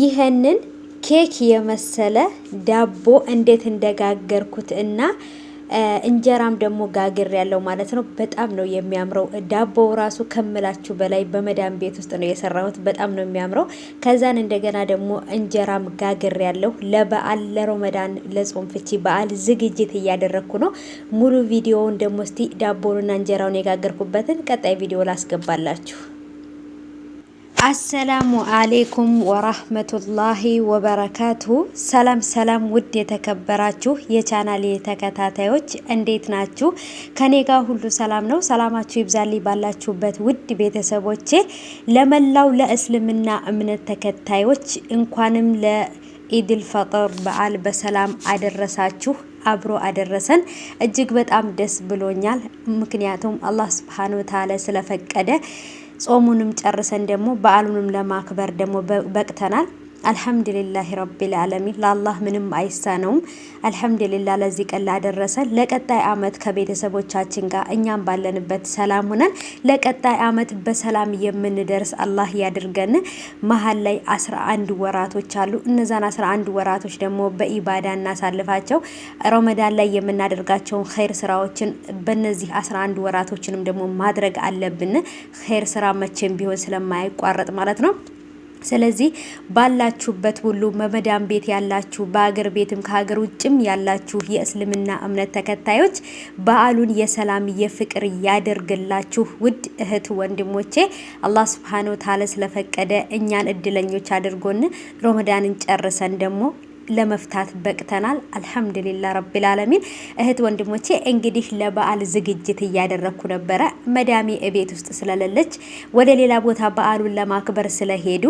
ይህንን ኬክ የመሰለ ዳቦ እንዴት እንደጋገርኩት እና እንጀራም ደግሞ ጋግር ያለው ማለት ነው። በጣም ነው የሚያምረው። ዳቦው ራሱ ከምላችሁ በላይ በመዳን ቤት ውስጥ ነው የሰራሁት። በጣም ነው የሚያምረው። ከዛን እንደገና ደግሞ እንጀራም ጋግር ያለው ለበዓል ለሮመዳን ለጾም ፍቺ በዓል ዝግጅት እያደረግኩ ነው። ሙሉ ቪዲዮውን ደግሞ እስቲ ዳቦንና እንጀራውን የጋገርኩበትን ቀጣይ ቪዲዮ ላስገባላችሁ። አሰላሙ አሌይኩም ወራህመቱላሂ ወበረካቱ። ሰላም ሰላም፣ ውድ የተከበራችሁ የቻናል ተከታታዮች እንዴት ናችሁ? ከኔ ጋር ሁሉ ሰላም ነው። ሰላማችሁ ይብዛልኝ ባላችሁበት ውድ ቤተሰቦቼ። ለመላው ለእስልምና እምነት ተከታዮች እንኳንም ለኢድል ፈጥር በዓል በሰላም አደረሳችሁ አብሮ አደረሰን። እጅግ በጣም ደስ ብሎኛል። ምክንያቱም አላህ ስብሓን ወተዓላ ስለፈቀደ ጾሙንም ጨርሰን ደግሞ በዓሉንም ለማክበር ደግሞ በቅተናል። አልሐምዱሊላህ ረቢል ዓለሚን ለአላህ ምንም አይሳነውም። አልሐምዱሊላህ ለዚህ ቀን ላደረሰን። ለቀጣይ አመት ከቤተሰቦቻችን ጋር እኛም ባለንበት ሰላም ሆነን ለቀጣይ አመት በሰላም የምንደርስ አላህ ያድርገን። መሀል ላይ አስራ አንድ ወራቶች አሉ። እነዛን አስራ አንድ ወራቶች ደግሞ በኢባዳ እናሳልፋቸው። ረመዳን ላይ የምናደርጋቸውን ኸይር ስራዎችን በነዚህ አስራ አንድ ወራቶችንም ደግሞ ማድረግ አለብን። ኸይር ስራ መቼም ቢሆን ስለማይቋረጥ ማለት ነው። ስለዚህ ባላችሁበት ሁሉ መመዳን ቤት ያላችሁ በአገር ቤትም ከሀገር ውጭም ያላችሁ የእስልምና እምነት ተከታዮች በዓሉን የሰላም የፍቅር ያደርግላችሁ። ውድ እህት ወንድሞቼ አላህ ስብሓን ወተዓላ ስለፈቀደ እኛን እድለኞች አድርጎን ሮመዳንን ጨርሰን ደግሞ ለመፍታት በቅተናል። አልሐምዱሊላ ረቢል እህት ወንድሞቼ እንግዲህ ለበዓል ዝግጅት እያደረግኩ ነበረ። መዳሜ እቤት ውስጥ ስለሌለች ወደ ሌላ ቦታ በዓሉን ለማክበር ስለሄዱ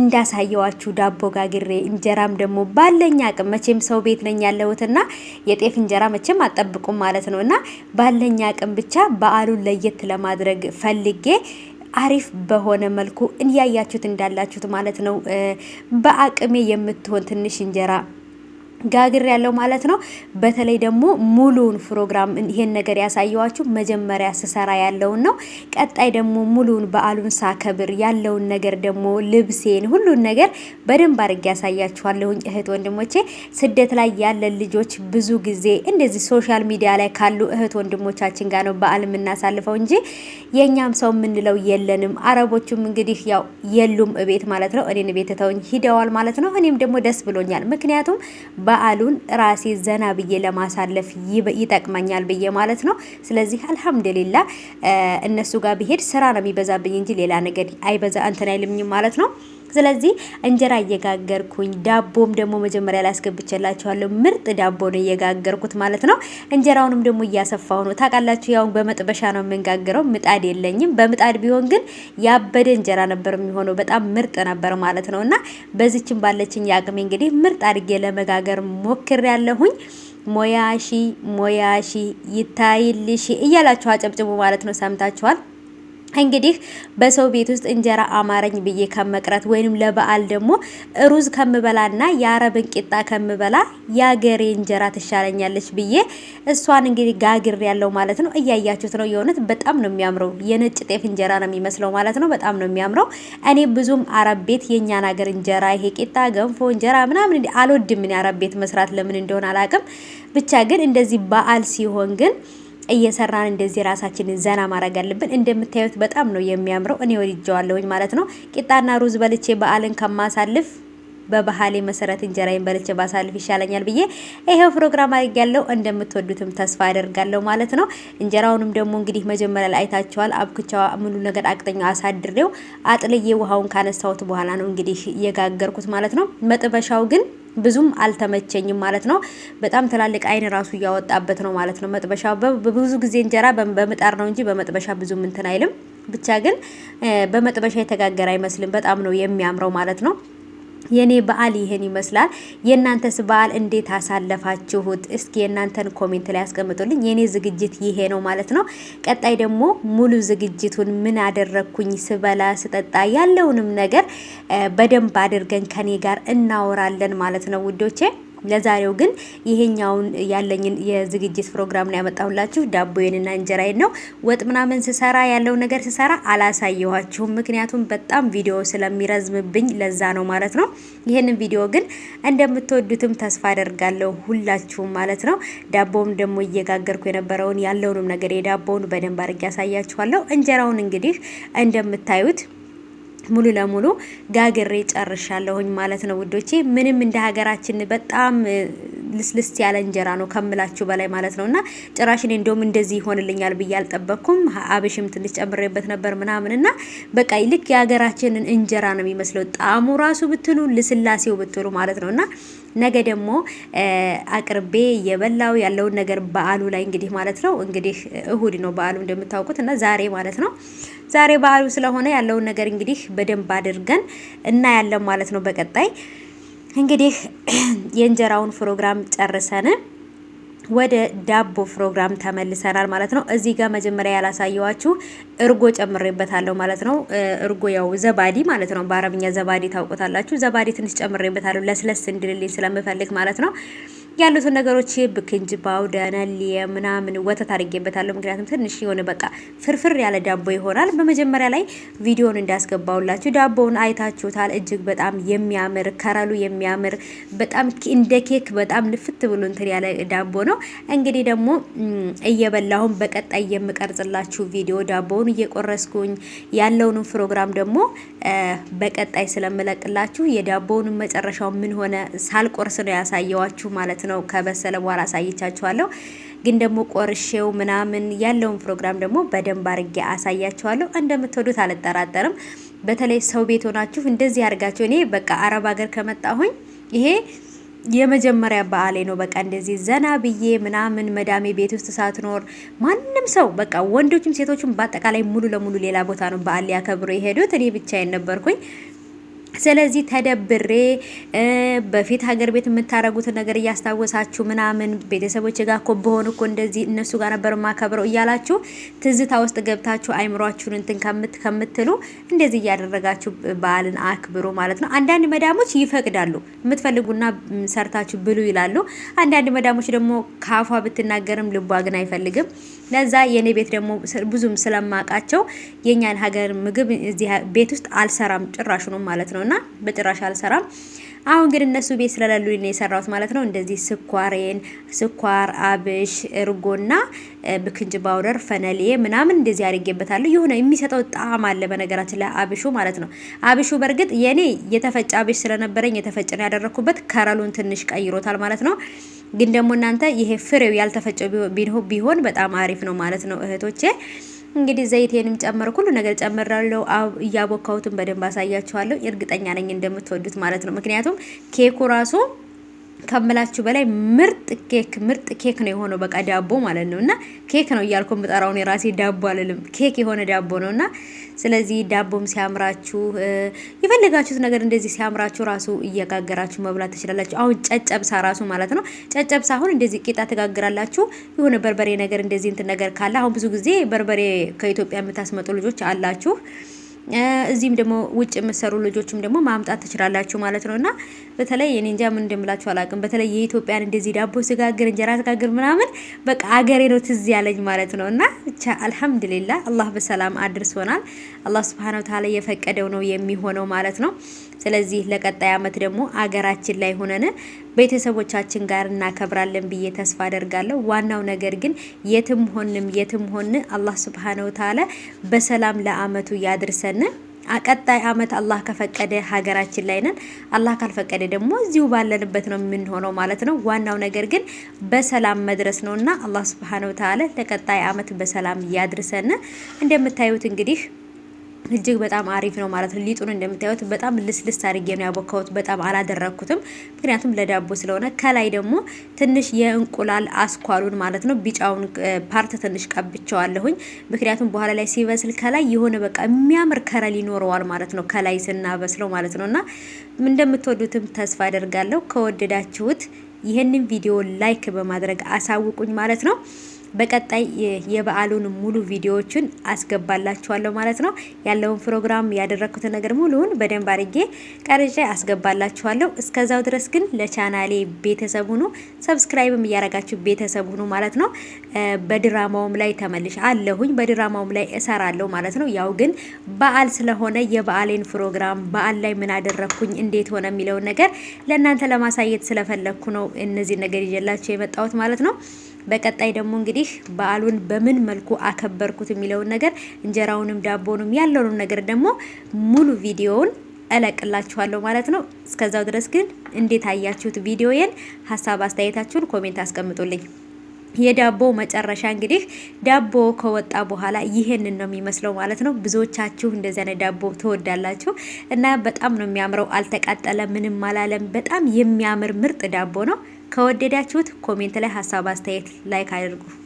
እንዳሳየዋችሁ ዳቦ ጋግሬ እንጀራም ደግሞ ባለኝ አቅም መቼም ሰው ቤት ነኝ ያለሁትና የጤፍ እንጀራ መቼም አጠብቁም ማለት ነው እና ባለኝ አቅም ብቻ በዓሉን ለየት ለማድረግ ፈልጌ አሪፍ በሆነ መልኩ እያያችሁት እንዳላችሁት ማለት ነው። በአቅሜ የምትሆን ትንሽ እንጀራ ጋግር ያለው ማለት ነው። በተለይ ደግሞ ሙሉውን ፕሮግራም ይሄን ነገር ያሳየዋችሁ መጀመሪያ ስሰራ ያለውን ነው። ቀጣይ ደግሞ ሙሉውን በዓሉን ሳከብር ያለውን ነገር ደግሞ ልብሴን፣ ሁሉን ነገር በደንብ አድርጌ ያሳያችኋለሁኝ። እህት ወንድሞቼ፣ ስደት ላይ ያለን ልጆች ብዙ ጊዜ እንደዚህ ሶሻል ሚዲያ ላይ ካሉ እህት ወንድሞቻችን ጋር ነው በዓል የምናሳልፈው እንጂ የእኛም ሰው የምንለው የለንም። አረቦቹም እንግዲህ ያው የሉም እቤት ማለት ነው። እኔን ቤት ተውኝ ሂደዋል ማለት ነው። እኔም ደግሞ ደስ ብሎኛል ምክንያቱም በዓሉን ራሴ ዘና ብዬ ለማሳለፍ ይጠቅመኛል ብዬ ማለት ነው። ስለዚህ አልሐምዱሊላ እነሱ ጋር ብሄድ ስራ ነው የሚበዛብኝ እንጂ ሌላ ነገር አይበዛ እንትን አይልምኝም ማለት ነው። ስለዚህ እንጀራ እየጋገርኩኝ ዳቦም ደግሞ መጀመሪያ ላይ አስገብቼላችኋለሁ። ምርጥ ዳቦ ነው እየጋገርኩት ማለት ነው። እንጀራውንም ደግሞ እያሰፋሁ ነው። ታውቃላችሁ፣ ያው በመጥበሻ ነው የምንጋግረው። ምጣድ የለኝም። በምጣድ ቢሆን ግን ያበደ እንጀራ ነበር የሚሆነው። በጣም ምርጥ ነበር ማለት ነው። እና በዚችን ባለችኝ የአቅሜ እንግዲህ ምርጥ አድርጌ ለመጋገር ሞክር ያለሁኝ ሞያሺ ሞያሺ ይታይልሽ እያላችሁ አጨብጭቡ ማለት ነው። ሰምታችኋል። እንግዲህ በሰው ቤት ውስጥ እንጀራ አማረኝ ብዬ ከመቅረት ወይንም ለበዓል ደግሞ ሩዝ ከምበላና የአረብን ቂጣ ከምበላ የአገሬ እንጀራ ትሻለኛለች ብዬ እሷን እንግዲህ ጋግር ያለው ማለት ነው። እያያችሁት ነው። የእውነት በጣም ነው የሚያምረው። የነጭ ጤፍ እንጀራ ነው የሚመስለው ማለት ነው። በጣም ነው የሚያምረው። እኔ ብዙም አረብ ቤት የእኛን ሀገር እንጀራ ይሄ ቂጣ፣ ገንፎ እንጀራ ምናምን አልወድም። እኔ አረብ ቤት መስራት ለምን እንደሆነ አላቅም። ብቻ ግን እንደዚህ በዓል ሲሆን ግን እየሰራን እንደዚህ ራሳችንን ዘና ማድረግ አለብን። እንደምታዩት በጣም ነው የሚያምረው። እኔ ወድጀዋለሁኝ ማለት ነው። ቂጣና ሩዝ በልቼ በዓልን ከማሳልፍ በባህሌ መሰረት እንጀራዬን በልቼ ባሳልፍ ይሻለኛል ብዬ ይሄው ፕሮግራም አድርጌያለሁ። እንደምትወዱትም ተስፋ አደርጋለሁ ማለት ነው። እንጀራውንም ደግሞ እንግዲህ መጀመሪያ ላይ አይታችኋል። አብክቻ ሙሉ ነገር አቅጠኛ አሳድሬው አጥልዬ ውሃውን ካነሳሁት በኋላ ነው እንግዲህ እየጋገርኩት ማለት ነው። መጥበሻው ግን ብዙም አልተመቸኝም ማለት ነው። በጣም ትላልቅ አይን ራሱ እያወጣበት ነው ማለት ነው። መጥበሻ ብዙ ጊዜ እንጀራ በምጣር ነው እንጂ በመጥበሻ ብዙም እንትን አይልም። ብቻ ግን በመጥበሻ የተጋገረ አይመስልም። በጣም ነው የሚያምረው ማለት ነው። የኔ በዓል ይሄን ይመስላል። የእናንተስ በዓል እንዴት አሳለፋችሁት? እስኪ የእናንተን ኮሜንት ላይ ያስቀምጡልኝ። የኔ ዝግጅት ይሄ ነው ማለት ነው። ቀጣይ ደግሞ ሙሉ ዝግጅቱን ምን አደረግኩኝ፣ ስበላ፣ ስጠጣ ያለውንም ነገር በደንብ አድርገን ከኔ ጋር እናወራለን ማለት ነው ውዶቼ። ለዛሬው ግን ይሄኛውን ያለኝን የዝግጅት ፕሮግራም ነው ያመጣሁላችሁ። ዳቦዬንና እንጀራዬን ነው ወጥ ምናምን ስሰራ ያለው ነገር ስሰራ አላሳየኋችሁም፣ ምክንያቱም በጣም ቪዲዮ ስለሚረዝምብኝ ለዛ ነው ማለት ነው። ይህንን ቪዲዮ ግን እንደምትወዱትም ተስፋ አደርጋለሁ ሁላችሁም ማለት ነው። ዳቦም ደግሞ እየጋገርኩ የነበረውን ያለውንም ነገር የዳቦውን በደንብ አድርጌ ያሳያችኋለሁ። እንጀራውን እንግዲህ እንደምታዩት ሙሉ ለሙሉ ጋግሬ ጨርሻለሁኝ ማለት ነው ውዶቼ። ምንም እንደ ሀገራችን በጣም ልስልስ ያለ እንጀራ ነው ከምላችሁ በላይ ማለት ነውና ጭራሽ እኔ እንደውም እንደዚህ ይሆንልኛል ብዬ አልጠበቅኩም። አብሽም ትንሽ ጨምሬበት ነበር ምናምንና በቃ ልክ የሀገራችንን እንጀራ ነው የሚመስለው ጣዕሙ ራሱ ብትሉ ልስላሴው ብትሉ ማለት እና ነገ ደግሞ አቅርቤ የበላው ያለውን ነገር በዓሉ ላይ እንግዲህ ማለት ነው እንግዲህ እሁድ ነው በዓሉ እንደምታውቁት እና ዛሬ ማለት ነው ዛሬ በዓሉ ስለሆነ ያለውን ነገር እንግዲህ በደንብ አድርገን እናያለን ማለት ነው። በቀጣይ እንግዲህ የእንጀራውን ፕሮግራም ጨርሰን ወደ ዳቦ ፕሮግራም ተመልሰናል ማለት ነው። እዚህ ጋር መጀመሪያ ያላሳየዋችሁ እርጎ ጨምሬበታለሁ ማለት ነው። እርጎ ያው ዘባዲ ማለት ነው፣ በአረብኛ ዘባዲ ታውቁታላችሁ። ዘባዲ ትንሽ ጨምሬበታለሁ ለስለስ እንድልልኝ ስለምፈልግ ማለት ነው። ያሉትን ነገሮች ብክንጅ ባውደነ የምናምን ወተት አድርጌበታለሁ። ምክንያቱም ትንሽ የሆነ በቃ ፍርፍር ያለ ዳቦ ይሆናል። በመጀመሪያ ላይ ቪዲዮን እንዳስገባውላችሁ ዳቦውን አይታችሁታል። እጅግ በጣም የሚያምር ከረሉ የሚያምር በጣም እንደ ኬክ በጣም ንፍት ብሎ እንትን ያለ ዳቦ ነው። እንግዲህ ደግሞ እየበላሁን በቀጣይ የምቀርጽላችሁ ቪዲዮ ዳቦውን እየቆረስኩኝ ያለውንም ፕሮግራም ደግሞ በቀጣይ ስለምለቅላችሁ የዳቦውን መጨረሻው ምን ሆነ ሳልቆርስ ነው ያሳየዋችሁ ማለት ማለት ነው። ከበሰለ በኋላ አሳይቻችኋለሁ። ግን ደግሞ ቆርሼው ምናምን ያለውን ፕሮግራም ደግሞ በደንብ አርጌ አሳያችኋለሁ። እንደምትወዱት አልጠራጠርም። በተለይ ሰው ቤት ሆናችሁ እንደዚህ አድርጋችሁ እኔ በቃ አረብ ሀገር ከመጣሁኝ ይሄ የመጀመሪያ በዓሌ ነው። በቃ እንደዚህ ዘና ብዬ ምናምን መዳሜ ቤት ውስጥ ሳትኖር ማንም ሰው በቃ ወንዶችም ሴቶችም በአጠቃላይ ሙሉ ለሙሉ ሌላ ቦታ ነው በዓል ሊያከብሩ የሄዱት። እኔ ብቻዬን ነበርኩኝ። ስለዚህ ተደብሬ በፊት ሀገር ቤት የምታረጉትን ነገር እያስታወሳችሁ ምናምን ቤተሰቦች ጋር እኮ በሆን እኮ እንደዚህ እነሱ ጋር ነበር ማከብረው እያላችሁ ትዝታ ውስጥ ገብታችሁ አይምሯችሁን እንትን ከምትሉ እንደዚህ እያደረጋችሁ በዓልን አክብሩ ማለት ነው። አንዳንድ መዳሞች ይፈቅዳሉ፣ የምትፈልጉና ሰርታችሁ ብሉ ይላሉ። አንዳንድ መዳሞች ደግሞ ካፏ ብትናገርም ልቧ ግን አይፈልግም። ለዛ የኔ ቤት ደግሞ ብዙም ስለማውቃቸው የኛን ሀገር ምግብ እዚህ ቤት ውስጥ አልሰራም ጭራሽ ነው ማለት ነውና በጭራሽ አልሰራም። አሁን ግን እነሱ ቤት ስለላሉ ነው የሰራሁት ማለት ነው። እንደዚህ ስኳሬን፣ ስኳር፣ አብሽ፣ እርጎና ብክንጅ ባውደር፣ ፈነሌ ምናምን እንደዚህ አድርጌበታለሁ። የሆነ የሚሰጠው ጣዕም አለ በነገራችን ላይ አብሹ ማለት ነው። አብሹ በእርግጥ የኔ የተፈጨ አብሽ ስለነበረኝ የተፈጨ ነው ያደረኩበት። ከረሉን ትንሽ ቀይሮታል ማለት ነው። ግን ደግሞ እናንተ ይሄ ፍሬው ያልተፈጨው ቢሆን በጣም አሪፍ ነው ማለት ነው እህቶቼ። እንግዲህ ዘይቴንም ጨመረ ሁሉ ነገር ጨምራለሁ። እያቦካሁትን በደንብ አሳያችኋለሁ። እርግጠኛ ነኝ እንደምትወዱት ማለት ነው። ምክንያቱም ኬኩ ራሱ ከምላችሁ በላይ ምርጥ ኬክ ምርጥ ኬክ ነው የሆነው። በቃ ዳቦ ማለት ነው እና ኬክ ነው እያልኩ የምጠራውን የራሴ ዳቦ አልልም፣ ኬክ የሆነ ዳቦ ነው እና ስለዚህ ዳቦም ሲያምራችሁ፣ የፈለጋችሁት ነገር እንደዚህ ሲያምራችሁ ራሱ እየጋገራችሁ መብላት ትችላላችሁ። አሁን ጨጨብሳ ራሱ ማለት ነው ጨጨብሳ አሁን እንደዚህ ቂጣ ትጋግራላችሁ። የሆነ በርበሬ ነገር እንደዚህ እንትን ነገር ካለ አሁን ብዙ ጊዜ በርበሬ ከኢትዮጵያ የምታስመጡ ልጆች አላችሁ እዚህም ደግሞ ውጭ የምሰሩ ልጆችም ደግሞ ማምጣት ትችላላችሁ ማለት ነው እና በተለይ እኔ እንጃ ምን እንደምላችሁ አላውቅም። በተለይ የኢትዮጵያን እንደዚህ ዳቦ ስጋግር፣ እንጀራ ስጋግር ምናምን በቃ አገሬ ነው ትዝ ያለኝ ማለት ነው። እና ብቻ አላህ በሰላም አድርሶናል። አላህ ሱብሃነ ወተዓላ የፈቀደው ነው የሚሆነው ማለት ነው። ስለዚህ ለቀጣይ አመት ደግሞ አገራችን ላይ ሆነን ቤተሰቦቻችን ጋር እናከብራለን ብዬ ተስፋ አደርጋለሁ። ዋናው ነገር ግን የትም ሆንም የትም ሆን አላህ ሱብሃነ ወተዓላ በሰላም ለአመቱ ያድርሰን። ቀጣይ አመት አላህ ከፈቀደ ሀገራችን ላይ ነን። አላህ ካልፈቀደ ደግሞ እዚሁ ባለንበት ነው የምንሆነው ማለት ነው። ዋናው ነገር ግን በሰላም መድረስ ነውና አላህ ሱብሃነሁ ወተዓላ ለቀጣይ አመት በሰላም እያድርሰን። እንደምታዩት እንግዲህ እጅግ በጣም አሪፍ ነው ማለት ነው። ሊጡን እንደምታዩት በጣም ልስልስ አድርጌ ነው ያቦካሁት። በጣም አላደረግኩትም፣ ምክንያቱም ለዳቦ ስለሆነ። ከላይ ደግሞ ትንሽ የእንቁላል አስኳሉን ማለት ነው ቢጫውን ፓርት ትንሽ ቀብቸዋለሁኝ፣ ምክንያቱም በኋላ ላይ ሲበስል ከላይ የሆነ በቃ የሚያምር ከረል ይኖረዋል ማለት ነው፣ ከላይ ስናበስለው ማለት ነው። እና እንደምትወዱትም ተስፋ አደርጋለሁ። ከወደዳችሁት ይህንን ቪዲዮ ላይክ በማድረግ አሳውቁኝ ማለት ነው። በቀጣይ የበዓሉን ሙሉ ቪዲዮዎችን አስገባላችኋለሁ ማለት ነው። ያለውን ፕሮግራም ያደረግኩትን ነገር ሙሉውን በደንብ አድርጌ ቀርጬ አስገባላችኋለሁ። እስከዛው ድረስ ግን ለቻናሌ ቤተሰብ ሁኑ፣ ሰብስክራይብም እያረጋችሁ ቤተሰብ ሁኑ ማለት ነው። በድራማውም ላይ ተመልሽ አለሁኝ፣ በድራማውም ላይ እሰራለሁ ማለት ነው። ያው ግን በዓል ስለሆነ የበዓሌን ፕሮግራም በዓል ላይ ምን አደረግኩኝ እንዴት ሆነ የሚለውን ነገር ለእናንተ ለማሳየት ስለፈለግኩ ነው እነዚህ ነገር ይዤላቸው የመጣሁት ማለት ነው። በቀጣይ ደግሞ እንግዲህ በዓሉን በምን መልኩ አከበርኩት የሚለውን ነገር እንጀራውንም ዳቦንም ያለውንም ነገር ደግሞ ሙሉ ቪዲዮውን እለቅላችኋለሁ ማለት ነው። እስከዛው ድረስ ግን እንዴት አያችሁት ቪዲዮዬን? ሀሳብ አስተያየታችሁን ኮሜንት አስቀምጡልኝ። የዳቦ መጨረሻ እንግዲህ ዳቦ ከወጣ በኋላ ይሄንን ነው የሚመስለው ማለት ነው። ብዙዎቻችሁ እንደዚህ አይነት ዳቦ ትወዳላችሁ እና በጣም ነው የሚያምረው። አልተቃጠለ ምንም አላለም። በጣም የሚያምር ምርጥ ዳቦ ነው። ከወደዳችሁት ኮሜንት ላይ ሀሳብ አስተያየት ላይክ አድርጉ።